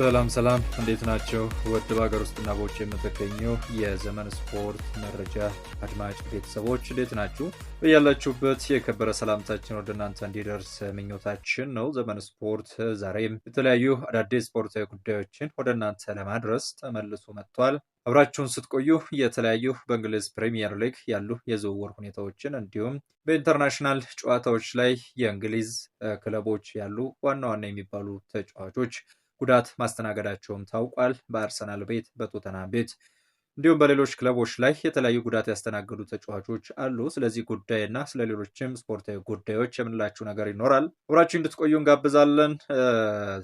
ሰላም ሰላም፣ እንዴት ናቸው? ውድ በሀገር ውስጥና በውጭ የምትገኙ የዘመን ስፖርት መረጃ አድማጭ ቤተሰቦች እንዴት ናችሁ? በያላችሁበት የከበረ ሰላምታችን ወደ እናንተ እንዲደርስ ምኞታችን ነው። ዘመን ስፖርት ዛሬም የተለያዩ አዳዲስ ስፖርታዊ ጉዳዮችን ወደ እናንተ ለማድረስ ተመልሶ መጥቷል። አብራችሁን ስትቆዩ የተለያዩ በእንግሊዝ ፕሪሚየር ሊግ ያሉ የዝውውር ሁኔታዎችን እንዲሁም በኢንተርናሽናል ጨዋታዎች ላይ የእንግሊዝ ክለቦች ያሉ ዋና ዋና የሚባሉ ተጫዋቾች ጉዳት ማስተናገዳቸውም ታውቋል። በአርሰናል ቤት፣ በቶተና ቤት እንዲሁም በሌሎች ክለቦች ላይ የተለያዩ ጉዳት ያስተናገዱ ተጫዋቾች አሉ። ስለዚህ ጉዳይና ስለ ሌሎችም ስፖርታዊ ጉዳዮች የምንላችሁ ነገር ይኖራል። አብራችሁ እንድትቆዩ እንጋብዛለን።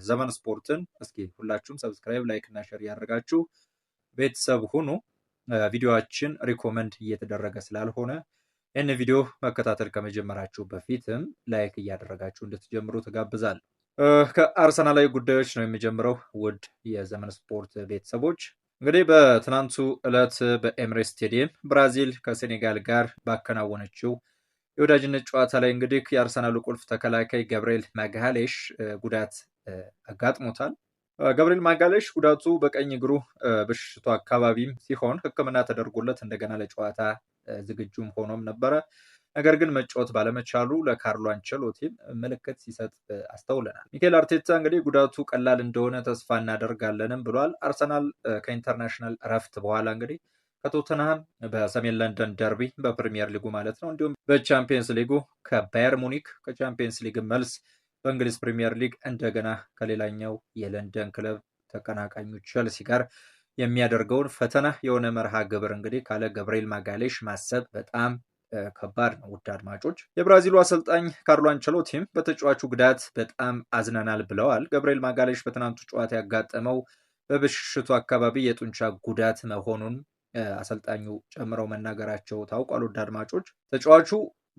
ዘመን ስፖርትን እስኪ ሁላችሁም ሰብስክራይብ፣ ላይክ እና ሸር እያደረጋችሁ ቤተሰብ ሁኑ። ቪዲዮችን ሪኮመንድ እየተደረገ ስላልሆነ ይህን ቪዲዮ መከታተል ከመጀመራችሁ በፊትም ላይክ እያደረጋችሁ እንድትጀምሩ ትጋብዛል። ከአርሰናላዊ ጉዳዮች ነው የሚጀምረው። ውድ የዘመን ስፖርት ቤተሰቦች እንግዲህ በትናንቱ ዕለት በኤምሬ ስቴዲየም ብራዚል ከሴኔጋል ጋር ባከናወነችው የወዳጅነት ጨዋታ ላይ እንግዲህ የአርሰናሉ ቁልፍ ተከላካይ ገብርኤል ማጋሌሽ ጉዳት አጋጥሞታል። ገብርኤል ማጋሌሽ ጉዳቱ በቀኝ እግሩ ብሽሽቱ አካባቢም ሲሆን ሕክምና ተደርጎለት እንደገና ለጨዋታ ዝግጁም ሆኖም ነበረ። ነገር ግን መጫወት ባለመቻሉ ለካርሎ አንቸሎቲም ምልክት ሲሰጥ አስተውለናል። ሚኬል አርቴታ እንግዲህ ጉዳቱ ቀላል እንደሆነ ተስፋ እናደርጋለንም ብሏል። አርሰናል ከኢንተርናሽናል እረፍት በኋላ እንግዲህ ከቶተንሃም በሰሜን ለንደን ደርቢ በፕሪሚየር ሊጉ ማለት ነው እንዲሁም በቻምፒየንስ ሊጉ ከባየር ሙኒክ ከቻምፒየንስ ሊግ መልስ በእንግሊዝ ፕሪሚየር ሊግ እንደገና ከሌላኛው የለንደን ክለብ ተቀናቃኙ ቸልሲ ጋር የሚያደርገውን ፈተና የሆነ መርሃ ግብር እንግዲህ ካለ ገብርኤል ማጋሌሽ ማሰብ በጣም ከባድ ነው። ውድ አድማጮች፣ የብራዚሉ አሰልጣኝ ካርሎ አንቸሎቲም በተጫዋቹ ጉዳት በጣም አዝነናል ብለዋል። ገብርኤል ማጋሌሽ በትናንቱ ጨዋታ ያጋጠመው በብሽሽቱ አካባቢ የጡንቻ ጉዳት መሆኑን አሰልጣኙ ጨምረው መናገራቸው ታውቋል። ውድ አድማጮች፣ ተጫዋቹ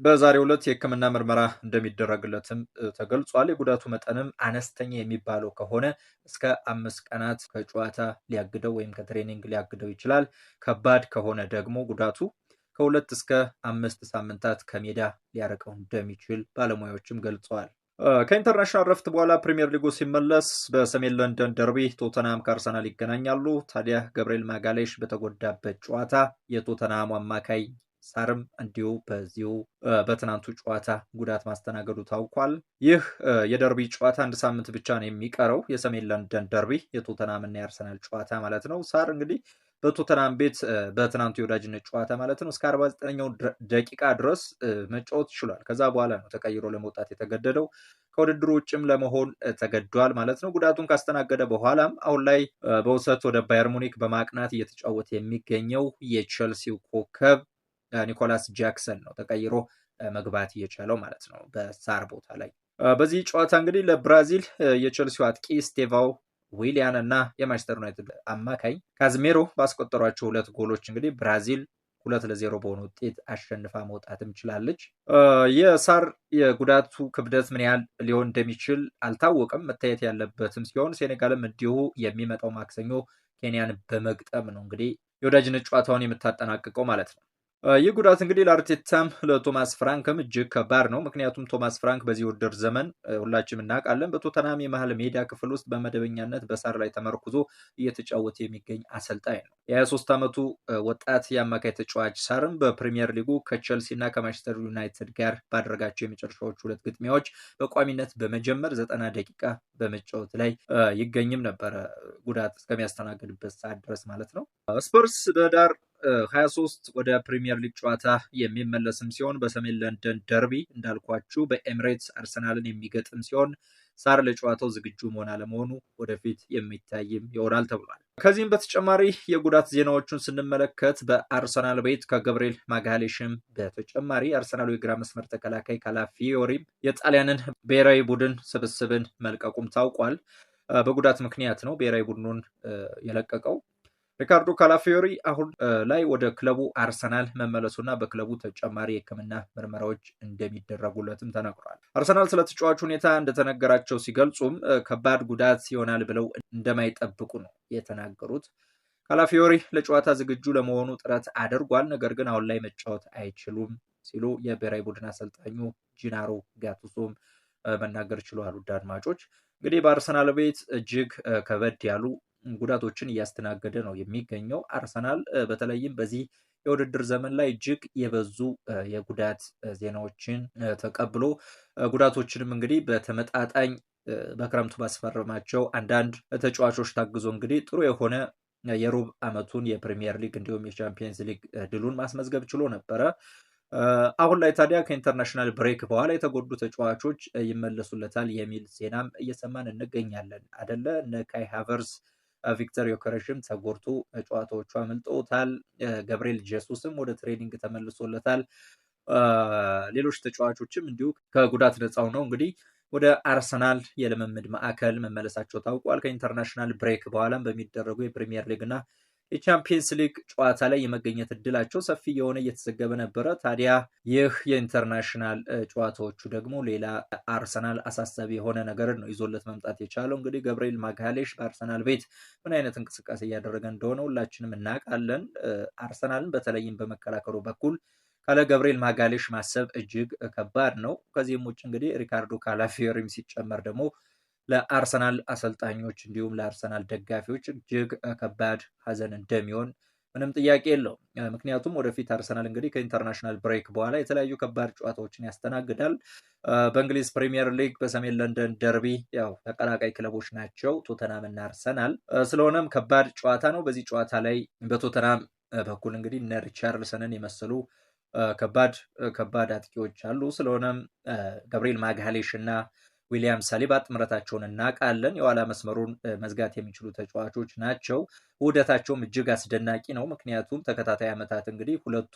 በዛሬው ዕለት የሕክምና ምርመራ እንደሚደረግለትም ተገልጿል። የጉዳቱ መጠንም አነስተኛ የሚባለው ከሆነ እስከ አምስት ቀናት ከጨዋታ ሊያግደው ወይም ከትሬኒንግ ሊያግደው ይችላል። ከባድ ከሆነ ደግሞ ጉዳቱ ከሁለት እስከ አምስት ሳምንታት ከሜዳ ሊያረቀው እንደሚችል ባለሙያዎችም ገልጸዋል። ከኢንተርናሽናል ረፍት በኋላ ፕሪምየር ሊጉ ሲመለስ በሰሜን ለንደን ደርቢ ቶተናም ከአርሰናል ይገናኛሉ። ታዲያ ገብርኤል ማጋሌሽ በተጎዳበት ጨዋታ የቶተናሙ አማካይ ሳርም እንዲሁ በዚሁ በትናንቱ ጨዋታ ጉዳት ማስተናገዱ ታውቋል። ይህ የደርቢ ጨዋታ አንድ ሳምንት ብቻ ነው የሚቀረው፣ የሰሜን ለንደን ደርቢ የቶተናምና የአርሰናል ጨዋታ ማለት ነው። ሳር እንግዲህ በቶተናም ቤት በትናንቱ የወዳጅነት ጨዋታ ማለት ነው እስከ 49ኛው ደቂቃ ድረስ መጫወት ችሏል። ከዛ በኋላ ነው ተቀይሮ ለመውጣት የተገደደው። ከውድድሩ ውጭም ለመሆን ተገዷል ማለት ነው። ጉዳቱን ካስተናገደ በኋላም አሁን ላይ በውሰት ወደ ባየር ሙኒክ በማቅናት እየተጫወተ የሚገኘው የቼልሲው ኮከብ ኒኮላስ ጃክሰን ነው ተቀይሮ መግባት እየቻለው ማለት ነው በሳር ቦታ ላይ በዚህ ጨዋታ እንግዲህ ለብራዚል የቼልሲው አጥቂ ስቴቫው ዊሊያን እና የማንቸስተር ዩናይትድ አማካኝ ካዝሜሮ ባስቆጠሯቸው ሁለት ጎሎች እንግዲህ ብራዚል ሁለት ለዜሮ በሆነ ውጤት አሸንፋ መውጣትም ችላለች። የሳር የጉዳቱ ክብደት ምን ያህል ሊሆን እንደሚችል አልታወቅም መታየት ያለበትም ሲሆን ሴኔጋልም እንዲሁ የሚመጣው ማክሰኞ ኬንያን በመግጠም ነው እንግዲህ የወዳጅነት ጨዋታውን የምታጠናቅቀው ማለት ነው። ይህ ጉዳት እንግዲህ ለአርቴታም ለቶማስ ፍራንክም እጅግ ከባድ ነው። ምክንያቱም ቶማስ ፍራንክ በዚህ ውድድር ዘመን ሁላችንም እናውቃለን በቶተናም የመሀል ሜዳ ክፍል ውስጥ በመደበኛነት በሳር ላይ ተመርኩዞ እየተጫወተ የሚገኝ አሰልጣኝ ነው። የ23 ዓመቱ ወጣት የአማካይ ተጫዋች ሳርም በፕሪሚየር ሊጉ ከቸልሲ እና ከማንቸስተር ዩናይትድ ጋር ባደረጋቸው የመጨረሻዎች ሁለት ግጥሚያዎች በቋሚነት በመጀመር ዘጠና ደቂቃ በመጫወት ላይ ይገኝም ነበረ ጉዳት እስከሚያስተናግድበት ሰዓት ድረስ ማለት ነው። ስፐርስ በዳር 23 ወደ ፕሪሚየር ሊግ ጨዋታ የሚመለስም ሲሆን በሰሜን ለንደን ደርቢ እንዳልኳችሁ በኤምሬትስ አርሰናልን የሚገጥም ሲሆን ሳር ለጨዋታው ዝግጁ መሆን አለመሆኑ ወደፊት የሚታይም ይሆናል ተብሏል። ከዚህም በተጨማሪ የጉዳት ዜናዎቹን ስንመለከት በአርሰናል ቤት ከገብርኤል ማጋሌሽም በተጨማሪ አርሰናሉ የግራ መስመር ተከላካይ ካላፊዮሪም የጣሊያንን ብሔራዊ ቡድን ስብስብን መልቀቁም ታውቋል። በጉዳት ምክንያት ነው ብሔራዊ ቡድኑን የለቀቀው። ሪካርዶ ካላፊዮሪ አሁን ላይ ወደ ክለቡ አርሰናል መመለሱና በክለቡ ተጨማሪ የሕክምና ምርመራዎች እንደሚደረጉለትም ተነግሯል። አርሰናል ስለ ተጫዋቹ ሁኔታ እንደተነገራቸው ሲገልጹም ከባድ ጉዳት ይሆናል ብለው እንደማይጠብቁ ነው የተናገሩት። ካላፊዮሪ ለጨዋታ ዝግጁ ለመሆኑ ጥረት አድርጓል፣ ነገር ግን አሁን ላይ መጫወት አይችሉም ሲሉ የብሔራዊ ቡድን አሰልጣኙ ጂናሮ ጋቱሶም መናገር ችሏሉ። አድማጮች እንግዲህ በአርሰናል ቤት እጅግ ከበድ ያሉ ጉዳቶችን እያስተናገደ ነው የሚገኘው። አርሰናል በተለይም በዚህ የውድድር ዘመን ላይ እጅግ የበዙ የጉዳት ዜናዎችን ተቀብሎ ጉዳቶችንም እንግዲህ በተመጣጣኝ በክረምቱ ባስፈረማቸው አንዳንድ ተጫዋቾች ታግዞ እንግዲህ ጥሩ የሆነ የሩብ ዓመቱን የፕሪሚየር ሊግ እንዲሁም የቻምፒየንስ ሊግ ድሉን ማስመዝገብ ችሎ ነበረ። አሁን ላይ ታዲያ ከኢንተርናሽናል ብሬክ በኋላ የተጎዱ ተጫዋቾች ይመለሱለታል የሚል ዜናም እየሰማን እንገኛለን አደለ? እነ ካይ ሃቨርስ ቪክተር ዮከረሽም ተጎድቶ ጨዋታዎቹ አመልጠውታል። ገብርኤል ጀሱስም ወደ ትሬኒንግ ተመልሶለታል። ሌሎች ተጫዋቾችም እንዲሁ ከጉዳት ነፃው ነው እንግዲህ ወደ አርሰናል የልምምድ ማዕከል መመለሳቸው ታውቋል። ከኢንተርናሽናል ብሬክ በኋላም በሚደረጉ የፕሪሚየር ሊግ እና የቻምፒየንስ ሊግ ጨዋታ ላይ የመገኘት እድላቸው ሰፊ የሆነ እየተዘገበ ነበረ። ታዲያ ይህ የኢንተርናሽናል ጨዋታዎቹ ደግሞ ሌላ አርሰናል አሳሳቢ የሆነ ነገርን ነው ይዞለት መምጣት የቻለው። እንግዲህ ገብርኤል ማጋሌሽ በአርሰናል ቤት ምን አይነት እንቅስቃሴ እያደረገ እንደሆነ ሁላችንም እናውቃለን። አርሰናልን በተለይም በመከላከሉ በኩል ካለ ገብርኤል ማጋሌሽ ማሰብ እጅግ ከባድ ነው። ከዚህም ውጭ እንግዲህ ሪካርዶ ካላፊዮሪም ሲጨመር ደግሞ ለአርሰናል አሰልጣኞች እንዲሁም ለአርሰናል ደጋፊዎች እጅግ ከባድ ሀዘን እንደሚሆን ምንም ጥያቄ የለውም። ምክንያቱም ወደፊት አርሰናል እንግዲህ ከኢንተርናሽናል ብሬክ በኋላ የተለያዩ ከባድ ጨዋታዎችን ያስተናግዳል። በእንግሊዝ ፕሪሚየር ሊግ በሰሜን ለንደን ደርቢ ያው ተቀላቃይ ክለቦች ናቸው ቶተናም እና አርሰናል። ስለሆነም ከባድ ጨዋታ ነው። በዚህ ጨዋታ ላይ በቶተናም በኩል እንግዲህ እነ ሪቻርልሰንን የመሰሉ ከባድ ከባድ አጥቂዎች አሉ። ስለሆነም ገብርኤል ማግሃሌሽ እና ዊሊያም ሳሊባ ጥምረታቸውን እናውቃለን። የኋላ መስመሩን መዝጋት የሚችሉ ተጫዋቾች ናቸው። ውህደታቸውም እጅግ አስደናቂ ነው። ምክንያቱም ተከታታይ ዓመታት እንግዲህ ሁለቱ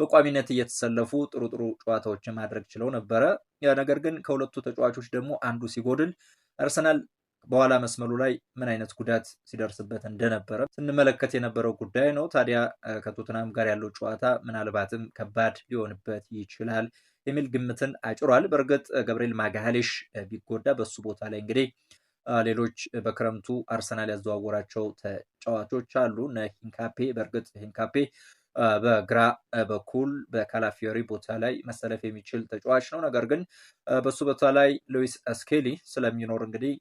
በቋሚነት እየተሰለፉ ጥሩ ጥሩ ጨዋታዎችን ማድረግ ችለው ነበረ። ነገር ግን ከሁለቱ ተጫዋቾች ደግሞ አንዱ ሲጎድል አርሰናል በኋላ መስመሩ ላይ ምን አይነት ጉዳት ሲደርስበት እንደነበረ ስንመለከት የነበረው ጉዳይ ነው። ታዲያ ከቶትናም ጋር ያለው ጨዋታ ምናልባትም ከባድ ሊሆንበት ይችላል የሚል ግምትን አጭሯል። በእርግጥ ገብርኤል ማጋሃሌሽ ቢጎዳ በሱ ቦታ ላይ እንግዲህ ሌሎች በክረምቱ አርሰናል ያዘዋወራቸው ተጫዋቾች አሉ። እነ ሂንካፔ በእርግጥ ሂንካፔ በግራ በኩል በካላፊዮሪ ቦታ ላይ መሰለፍ የሚችል ተጫዋች ነው። ነገር ግን በሱ ቦታ ላይ ሉዊስ ስኬሊ ስለሚኖር እንግዲህ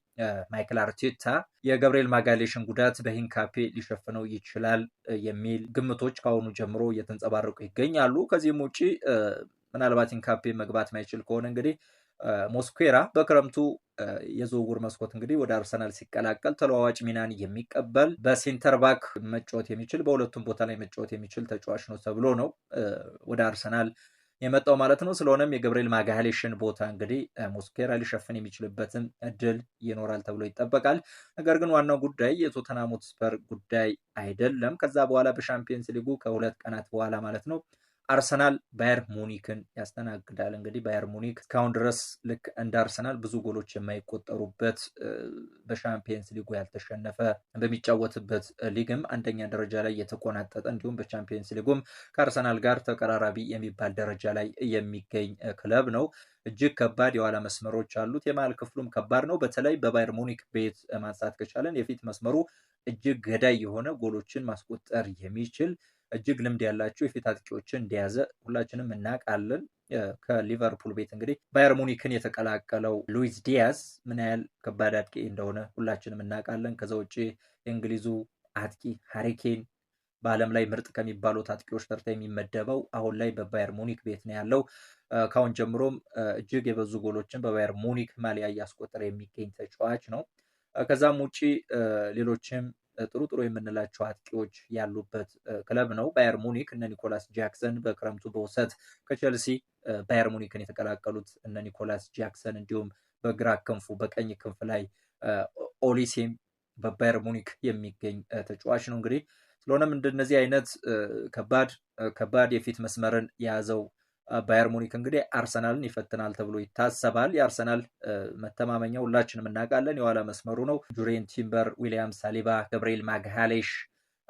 ማይክል አርቴታ የገብርኤል ማጋሌሽን ጉዳት በሂንካፔ ሊሸፍነው ይችላል የሚል ግምቶች ከአሁኑ ጀምሮ እየተንጸባረቁ ይገኛሉ። ከዚህም ውጭ ምናልባት ኢንካፔ መግባት ማይችል ከሆነ እንግዲህ ሞስኩዌራ በክረምቱ የዝውውር መስኮት እንግዲህ ወደ አርሰናል ሲቀላቀል ተለዋዋጭ ሚናን የሚቀበል በሴንተር ባክ መጫወት የሚችል በሁለቱም ቦታ ላይ መጫወት የሚችል ተጫዋች ነው ተብሎ ነው ወደ አርሰናል የመጣው ማለት ነው። ስለሆነም የገብርኤል ማጋሌሽን ቦታ እንግዲህ ሞስኬራ ሊሸፍን የሚችልበትም እድል ይኖራል ተብሎ ይጠበቃል። ነገር ግን ዋናው ጉዳይ የቶተንሃም ሆትስፐር ጉዳይ አይደለም። ከዛ በኋላ በሻምፒየንስ ሊጉ ከሁለት ቀናት በኋላ ማለት ነው አርሰናል ባየር ሙኒክን ያስተናግዳል። እንግዲህ ባየር ሙኒክ እስካሁን ድረስ ልክ እንደ አርሰናል ብዙ ጎሎች የማይቆጠሩበት በሻምፒየንስ ሊጉ ያልተሸነፈ በሚጫወትበት ሊግም አንደኛ ደረጃ ላይ የተቆናጠጠ እንዲሁም በቻምፒየንስ ሊጉም ከአርሰናል ጋር ተቀራራቢ የሚባል ደረጃ ላይ የሚገኝ ክለብ ነው። እጅግ ከባድ የኋላ መስመሮች አሉት። የመሀል ክፍሉም ከባድ ነው። በተለይ በባየር ሙኒክ ቤት ማንሳት ከቻለን የፊት መስመሩ እጅግ ገዳይ የሆነ ጎሎችን ማስቆጠር የሚችል እጅግ ልምድ ያላቸው የፊት አጥቂዎችን እንደያዘ ሁላችንም እናውቃለን። ከሊቨርፑል ቤት እንግዲህ ባየር ሙኒክን የተቀላቀለው ሉዊስ ዲያስ ምን ያህል ከባድ አጥቂ እንደሆነ ሁላችንም እናውቃለን። ከዛ ውጭ የእንግሊዙ አጥቂ ሃሪኬን በዓለም ላይ ምርጥ ከሚባሉት አጥቂዎች ተርታ የሚመደበው አሁን ላይ በባየር ሙኒክ ቤት ነው ያለው። ካሁን ጀምሮም እጅግ የበዙ ጎሎችን በባየር ሙኒክ ማሊያ እያስቆጠረ የሚገኝ ተጫዋች ነው። ከዛም ውጪ ሌሎችም ጥሩ ጥሩ የምንላቸው አጥቂዎች ያሉበት ክለብ ነው። ባየር ሙኒክ እነ ኒኮላስ ጃክሰን በክረምቱ በውሰት ከቼልሲ ባየር ሙኒክን የተቀላቀሉት እነ ኒኮላስ ጃክሰን እንዲሁም በግራ ክንፉ በቀኝ ክንፍ ላይ ኦሊሴም በባየር ሙኒክ የሚገኝ ተጫዋች ነው። እንግዲህ ስለሆነም እንደነዚህ አይነት ከባድ ከባድ የፊት መስመርን የያዘው ባየር ሙኒክ እንግዲህ አርሰናልን ይፈትናል ተብሎ ይታሰባል። የአርሰናል መተማመኛ ሁላችንም እናውቃለን የኋላ መስመሩ ነው። ጁሬን ቲምበር፣ ዊሊያም ሳሊባ፣ ገብርኤል ማግሃሌሽ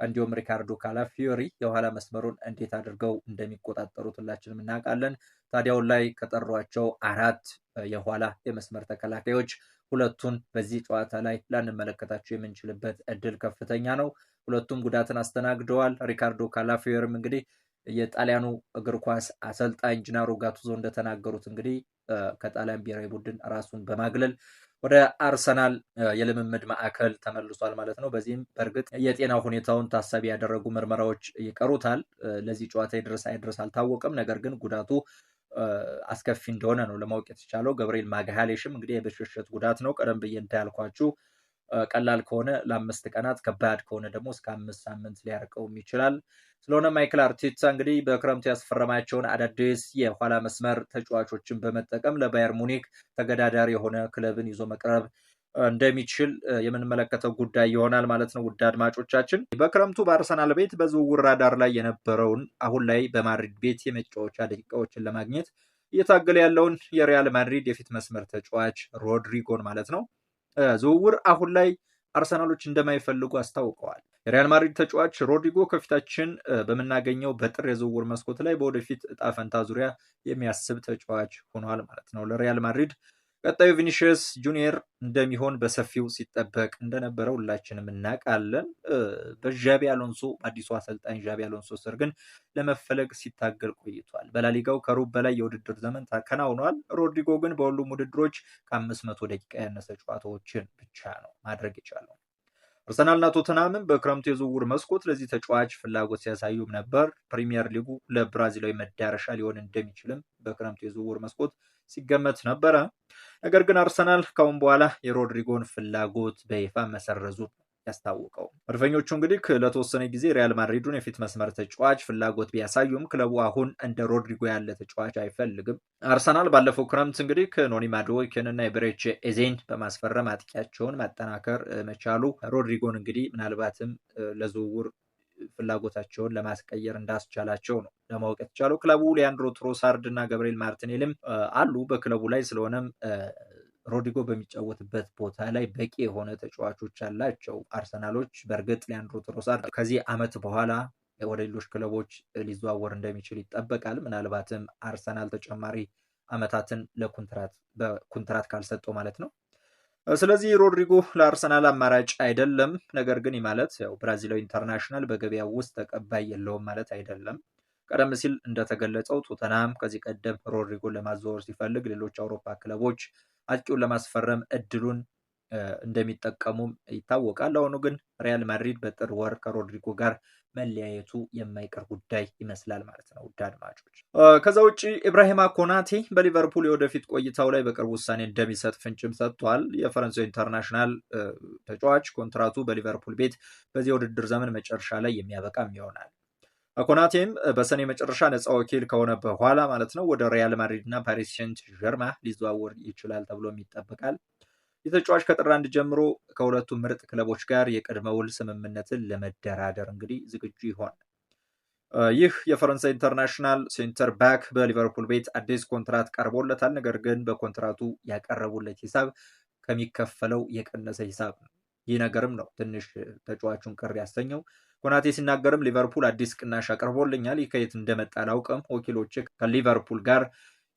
እንዲሁም ሪካርዶ ካላፊዮሪ የኋላ መስመሩን እንዴት አድርገው እንደሚቆጣጠሩት ሁላችንም እናውቃለን። ታዲያውን ላይ ከጠሯቸው አራት የኋላ የመስመር ተከላካዮች ሁለቱን በዚህ ጨዋታ ላይ ላንመለከታቸው የምንችልበት እድል ከፍተኛ ነው። ሁለቱም ጉዳትን አስተናግደዋል። ሪካርዶ ካላፊዮሪም እንግዲህ የጣሊያኑ እግር ኳስ አሰልጣኝ ጅናሮ ጋቱዞ እንደተናገሩት እንግዲህ ከጣሊያን ብሔራዊ ቡድን ራሱን በማግለል ወደ አርሰናል የልምምድ ማዕከል ተመልሷል ማለት ነው። በዚህም በእርግጥ የጤና ሁኔታውን ታሳቢ ያደረጉ ምርመራዎች ይቀሩታል። ለዚህ ጨዋታ ይድረስ አይድረስ አልታወቀም። ነገር ግን ጉዳቱ አስከፊ እንደሆነ ነው ለማወቅ የተቻለው። ገብርኤል ማግሃሌሽም እንግዲህ የብሽሽት ጉዳት ነው። ቀደም ብዬ እንዳልኳችሁ ቀላል ከሆነ ለአምስት ቀናት ከባድ ከሆነ ደግሞ እስከ አምስት ሳምንት ሊያርቀውም ይችላል። ስለሆነ ማይክል አርቴታ እንግዲህ በክረምቱ ያስፈረማቸውን አዳዲስ የኋላ መስመር ተጫዋቾችን በመጠቀም ለባየር ሙኒክ ተገዳዳሪ የሆነ ክለብን ይዞ መቅረብ እንደሚችል የምንመለከተው ጉዳይ ይሆናል ማለት ነው። ውድ አድማጮቻችን በክረምቱ በአርሰናል ቤት በዝውውር ራዳር ላይ የነበረውን አሁን ላይ በማድሪድ ቤት የመጫወቻ ደቂቃዎችን ለማግኘት እየታገለ ያለውን የሪያል ማድሪድ የፊት መስመር ተጫዋች ሮድሪጎን ማለት ነው ዝውውር አሁን ላይ አርሰናሎች እንደማይፈልጉ አስታውቀዋል። የሪያል ማድሪድ ተጫዋች ሮድሪጎ ከፊታችን በምናገኘው በጥር የዝውውር መስኮት ላይ በወደፊት እጣ ፈንታ ዙሪያ የሚያስብ ተጫዋች ሆኗል ማለት ነው ለሪያል ማድሪድ ቀጣዩ ቪኒሽስ ጁኒየር እንደሚሆን በሰፊው ሲጠበቅ እንደነበረ ሁላችንም እናውቃለን። በዣቢ አሎንሶ አዲሱ አሰልጣኝ ዣቢ አሎንሶ ስር ግን ለመፈለግ ሲታገል ቆይቷል። በላሊጋው ከሩብ በላይ የውድድር ዘመን ተከናውኗል። ሮድሪጎ ግን በሁሉም ውድድሮች ከአምስት መቶ ደቂቃ ያነሰ ጨዋታዎችን ብቻ ነው ማድረግ የቻለው። አርሰናልና ቶተናምን በክረምቱ የዝውውር መስኮት ለዚህ ተጫዋች ፍላጎት ሲያሳዩም ነበር። ፕሪሚየር ሊጉ ለብራዚላዊ መዳረሻ ሊሆን እንደሚችልም በክረምቱ የዝውውር መስኮት ሲገመት ነበረ። ነገር ግን አርሰናል ካሁን በኋላ የሮድሪጎን ፍላጎት በይፋ መሰረዙ ያስታወቀው መድፈኞቹ እንግዲህ ለተወሰነ ጊዜ ሪያል ማድሪዱን የፊት መስመር ተጫዋች ፍላጎት ቢያሳዩም ክለቡ አሁን እንደ ሮድሪጎ ያለ ተጫዋች አይፈልግም። አርሰናል ባለፈው ክረምት እንግዲህ ከኖኒ ማዱኬን እና ኤዜን በማስፈረም አጥቂያቸውን ማጠናከር መቻሉ ሮድሪጎን እንግዲህ ምናልባትም ለዝውውር ፍላጎታቸውን ለማስቀየር እንዳስቻላቸው ነው ለማወቅ የተቻለው። ክለቡ ሊያንድሮ ትሮሳርድ እና ገብርኤል ማርቲኔልም አሉ በክለቡ ላይ ስለሆነም ሮድሪጎ በሚጫወትበት ቦታ ላይ በቂ የሆነ ተጫዋቾች ያላቸው አርሰናሎች በእርግጥ ሊያንድሮ ትሮሳርድ ከዚህ ዓመት በኋላ ወደ ሌሎች ክለቦች ሊዘዋወር እንደሚችል ይጠበቃል። ምናልባትም አርሰናል ተጨማሪ ዓመታትን ለኮንትራት በኮንትራት ካልሰጠው ማለት ነው ስለዚህ ሮድሪጎ ለአርሰናል አማራጭ አይደለም። ነገር ግን ማለት ያው ብራዚላዊ ኢንተርናሽናል በገበያ ውስጥ ተቀባይ የለውም ማለት አይደለም። ቀደም ሲል እንደተገለጸው ቶተናም ከዚህ ቀደም ሮድሪጎ ለማዘወር ሲፈልግ ሌሎች አውሮፓ ክለቦች አጥቂውን ለማስፈረም እድሉን እንደሚጠቀሙም ይታወቃል። አሁኑ ግን ሪያል ማድሪድ በጥር ወር ከሮድሪጎ ጋር መለያየቱ የማይቀር ጉዳይ ይመስላል ማለት ነው። ውድ አድማጮች፣ ከዛ ውጭ ኢብራሂማ ኮናቴ በሊቨርፑል የወደፊት ቆይታው ላይ በቅርብ ውሳኔ እንደሚሰጥ ፍንጭም ሰጥቷል። የፈረንሳዊ ኢንተርናሽናል ተጫዋች ኮንትራቱ በሊቨርፑል ቤት በዚህ የውድድር ዘመን መጨረሻ ላይ የሚያበቃም ይሆናል። ኮናቴም በሰኔ መጨረሻ ነፃ ወኪል ከሆነ በኋላ ማለት ነው ወደ ሪያል ማድሪድ እና ፓሪስ ሴንት ጀርማ ሊዘዋወር ይችላል ተብሎም ይጠበቃል። የተጫዋች ከጥር አንድ ጀምሮ ከሁለቱ ምርጥ ክለቦች ጋር የቅድመ ውል ስምምነትን ለመደራደር እንግዲህ ዝግጁ ይሆን። ይህ የፈረንሳይ ኢንተርናሽናል ሴንተር ባክ በሊቨርፑል ቤት አዲስ ኮንትራት ቀርቦለታል። ነገር ግን በኮንትራቱ ያቀረቡለት ሂሳብ ከሚከፈለው የቀነሰ ሂሳብ ነው። ይህ ነገርም ነው ትንሽ ተጫዋቹን ቅር ያሰኘው። ኮናቴ ሲናገርም ሊቨርፑል አዲስ ቅናሽ አቅርቦልኛል፣ ይህ ከየት እንደመጣ አላውቅም፣ ወኪሎቼ ከሊቨርፑል ጋር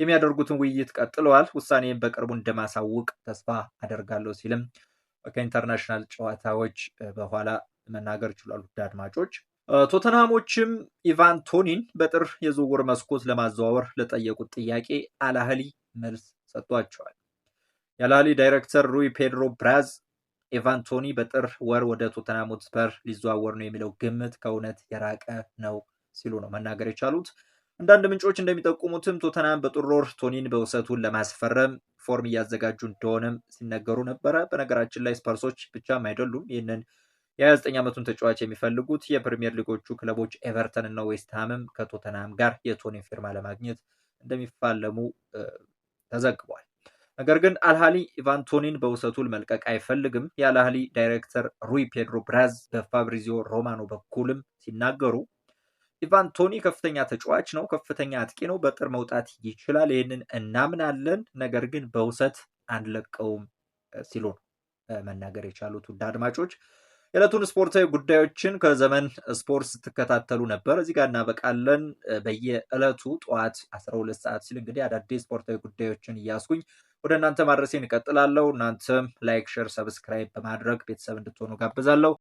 የሚያደርጉትን ውይይት ቀጥለዋል። ውሳኔን በቅርቡ እንደማሳውቅ ተስፋ አደርጋለሁ ሲልም ከኢንተርናሽናል ጨዋታዎች በኋላ መናገር ይችላሉ። ውድ አድማጮች ቶተንሃሞችም ኢቫን ቶኒን በጥር የዝውውር መስኮት ለማዘዋወር ለጠየቁት ጥያቄ አላህሊ መልስ ሰጥቷቸዋል። የአልአህሊ ዳይሬክተር ሩይ ፔድሮ ብራዝ ኢቫን ቶኒ በጥር ወር ወደ ቶተንሃም ሆትስፐር ሊዘዋወር ነው የሚለው ግምት ከእውነት የራቀ ነው ሲሉ ነው መናገር የቻሉት። አንዳንድ ምንጮች እንደሚጠቁሙትም ቶተናም በጥር ወር ቶኒን በውሰቱን ለማስፈረም ፎርም እያዘጋጁ እንደሆነም ሲነገሩ ነበረ። በነገራችን ላይ ስፐርሶች ብቻም አይደሉም ይህንን የ29 ዓመቱን ተጫዋች የሚፈልጉት የፕሪሚየር ሊጎቹ ክለቦች ኤቨርተን እና ዌስትሃምም ከቶተናም ጋር የቶኒን ፊርማ ለማግኘት እንደሚፋለሙ ተዘግቧል። ነገር ግን አልሃሊ ኢቫን ቶኒን በውሰቱን መልቀቅ አይፈልግም። የአልሃሊ ዳይሬክተር ሩይ ፔድሮ ብራዝ በፋብሪዚዮ ሮማኖ በኩልም ሲናገሩ ኢቫን ቶኒ ከፍተኛ ተጫዋች ነው፣ ከፍተኛ አጥቂ ነው፣ በጥር መውጣት ይችላል። ይህንን እናምናለን፣ ነገር ግን በውሰት አንለቀውም ሲሉ መናገር የቻሉት ውድ አድማጮች የዕለቱን ስፖርታዊ ጉዳዮችን ከዘመን ስፖርት ስትከታተሉ ነበር። እዚህ ጋር እናበቃለን። በየዕለቱ ጠዋት 12 ሰዓት ሲል እንግዲህ አዳዲስ ስፖርታዊ ጉዳዮችን እያስኩኝ ወደ እናንተ ማድረሴን እቀጥላለሁ። እናንተም ላይክ፣ ሼር፣ ሰብስክራይብ በማድረግ ቤተሰብ እንድትሆኑ ጋብዛለሁ።